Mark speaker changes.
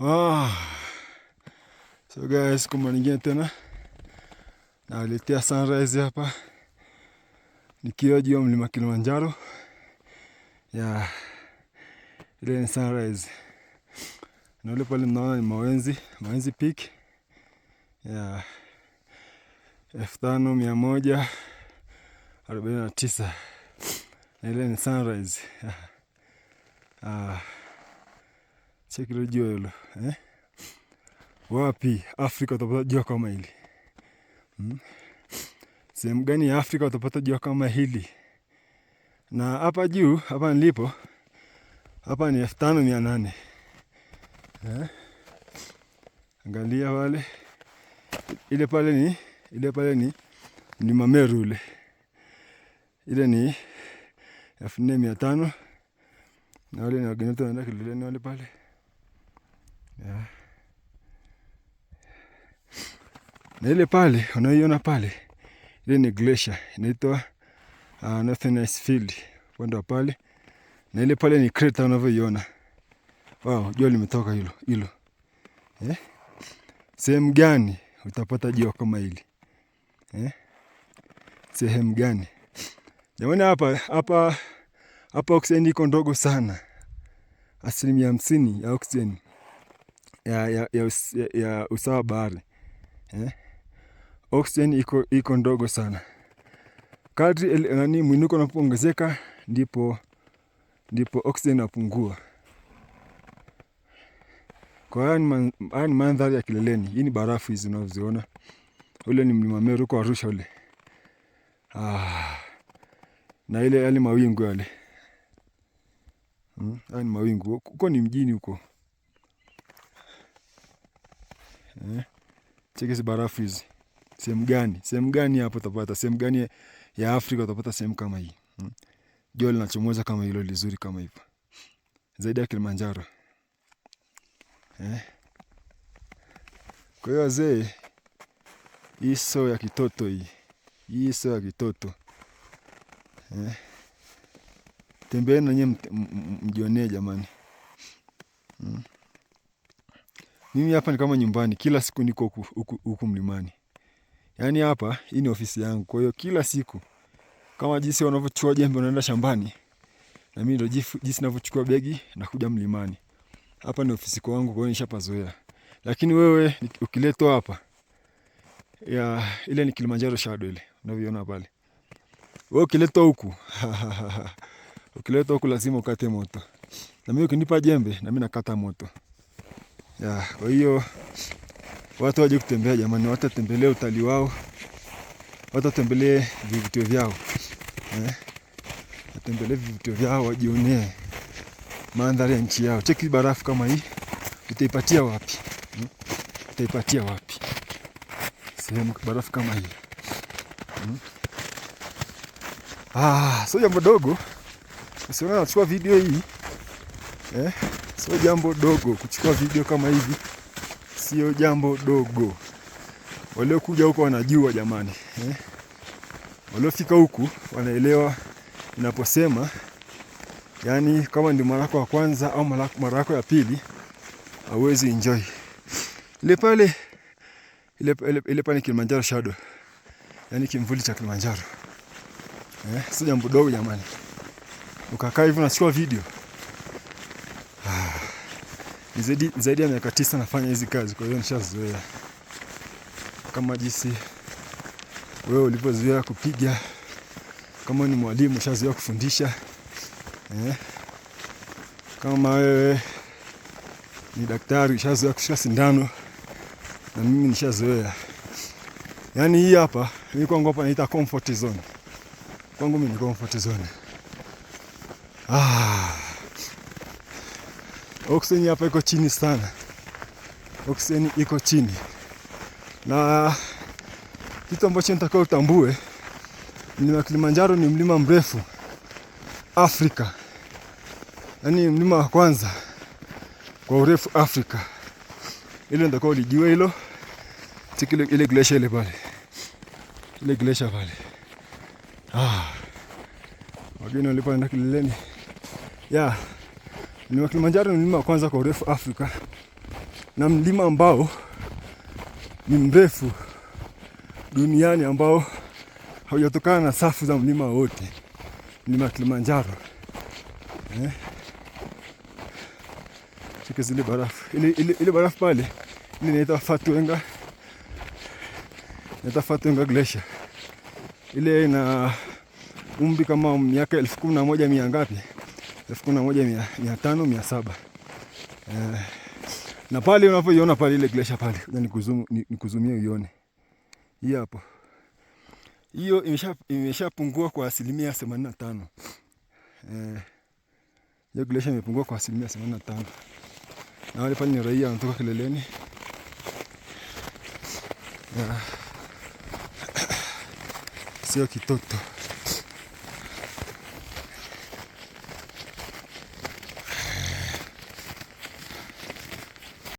Speaker 1: Oh. So guys, kwa mara tena naletea sunrise hapa nikiwa juu ya mlima Kilimanjaro ya yeah. Ile ni sunrise na ule pale mnaona ni Mawenzi, Mawenzi Peak ya yeah. elfu tano mia moja arobaini na tisa na ile ni sunrise yeah. ah. Cheki hilo jua hilo eh? Wapi Afrika utapata jua kama hili hmm? Sehemu gani ya Afrika utapata jua kama hili? Na hapa juu hapa nilipo hapa ni elfu tano mia nane eh? Angalia wale ile pale ni ile pale ni ni Mameru ile ile ni elfu nne mia tano na wale ni wageneta wanaenda kileleni wale pale na ile pale unaiona pale, ile ni glacier inaitwa uh, Northern Icefield upande wa pale, na ile pale ni crater unavyoiona. Wow, jua limetoka hilo hilo eh? Sehemu gani utapata jua kama hili eh? Sehemu gani jamani? Hapa hapa hapa oksijeni iko ndogo sana, asilimia hamsini ya oksijeni ya, ya, ya, ya, usawa bahari eh? Oksijeni iko, iko ndogo sana. Kadri nani mwinuko unapoongezeka ndipo, ndipo oksijeni inapungua. Kwa haya ni mandhari ya kileleni. Hii ni barafu hizi unazoziona, ule ni mlima Meru uko Arusha ule ah, na ile yale mawingu yale hmm? haya ni mawingu huko ni mjini huko. Eh? Cheki hizi barafu hizi. Sehemu gani? Sehemu gani hapo utapata? Sehemu gani ya Afrika utapata sehemu kama hii? Hmm? Jua linachomoza kama hilo lizuri kama hivyo. Zaidi ya Kilimanjaro. Eh? Kwa hiyo wazee, hii sio ya kitoto hii. Hii sio ya kitoto. Eh? Tembeeni nanyewe mjionee jamani. Hmm? Mimi hapa ni kama nyumbani, kila siku niko huku mlimani. Yaani hapa, hii ni ofisi yangu. Kwa hiyo kila siku, kama jinsi wanavyochukua jembe wanaenda shambani, na mimi ndo jinsi ninavyochukua begi na kuja mlimani. Hapa ni ofisi kwangu, kwa hiyo nishapazoea. Lakini wewe ukiletwa hapa, ya ile ni Kilimanjaro Shadow ile, unavyoona pale. Wewe ukiletwa huku, ukiletwa huku lazima ukate moto. Na mimi ukinipa jembe, na mimi nakata moto ya. Kwa hiyo watu waje kutembea jamani, watembelee utalii wao, watembelee vivutio vyao eh, watembelee vivutio vyao, wajionee mandhari ya nchi yao. Cheki barafu kama hii utaipatia wapi? hmm? utaipatia wapi sehemu barafu kama hii hmm? Ah, sio jambo dogo. Usiona nachukua video hii eh? sio jambo dogo. Kuchukua video kama hivi sio jambo dogo. Waliokuja huko wanajua jamani, eh? Waliofika huku wanaelewa inaposema, yani kama ndio mara yako ya kwanza au mara yako ya pili, hauwezi enjoy ile pale ile, ile, ile pale Kilimanjaro Shadow, yani kimvuli cha Kilimanjaro eh, sio jambo dogo jamani, ukakaa hivi unachukua video ni zaidi, zaidi ya miaka tisa nafanya hizi kazi, kwa hiyo nishazoea, kama jinsi wewe ulivyozoea kupiga. Kama ni mwalimu ushazoea kufundisha eh. Kama wewe ni daktari ushazoea kushika sindano, na mimi nishazoea. Yaani hii hapa hii kwangu hapa naita comfort zone. Kwangu mimi ni comfort zone. Ah oksijeni hapa iko chini sana, oksijeni iko chini, na kitu ambacho nitakiwa utambue, mlima Kilimanjaro ni mlima mrefu Afrika, yaani mlima wa kwanza kwa urefu Afrika. Ile nitakiwa ulijue hilo, ile glacier ile pale, ile glesha pale. Ah, wageni walipanda kileleni ya yeah. Mlima Kilimanjaro ni mlima wa kwanza kwa urefu Afrika na mlima ambao ni mrefu duniani ambao haujatokana na safu za mlima wote, mlima Kilimanjaro eh? Cheke zile barafu ile, ile, ile barafu pale ile inaitwa Fatwenga, inaitwa Fatwenga Glacier. Ile ina umri kama miaka elfu kumi na moja mia ngapi elfu kumi na moja mia tano mia saba eh, na pale unapoiona pale ile glesha pale nikuzumia uione hii hapo, hiyo imeshapungua kwa asilimia themanini na tano. Eh, hiyo glesha imepungua kwa asilimia themanini na tano na wale pale ni raia wanatoka kileleni eh, sio kitoto.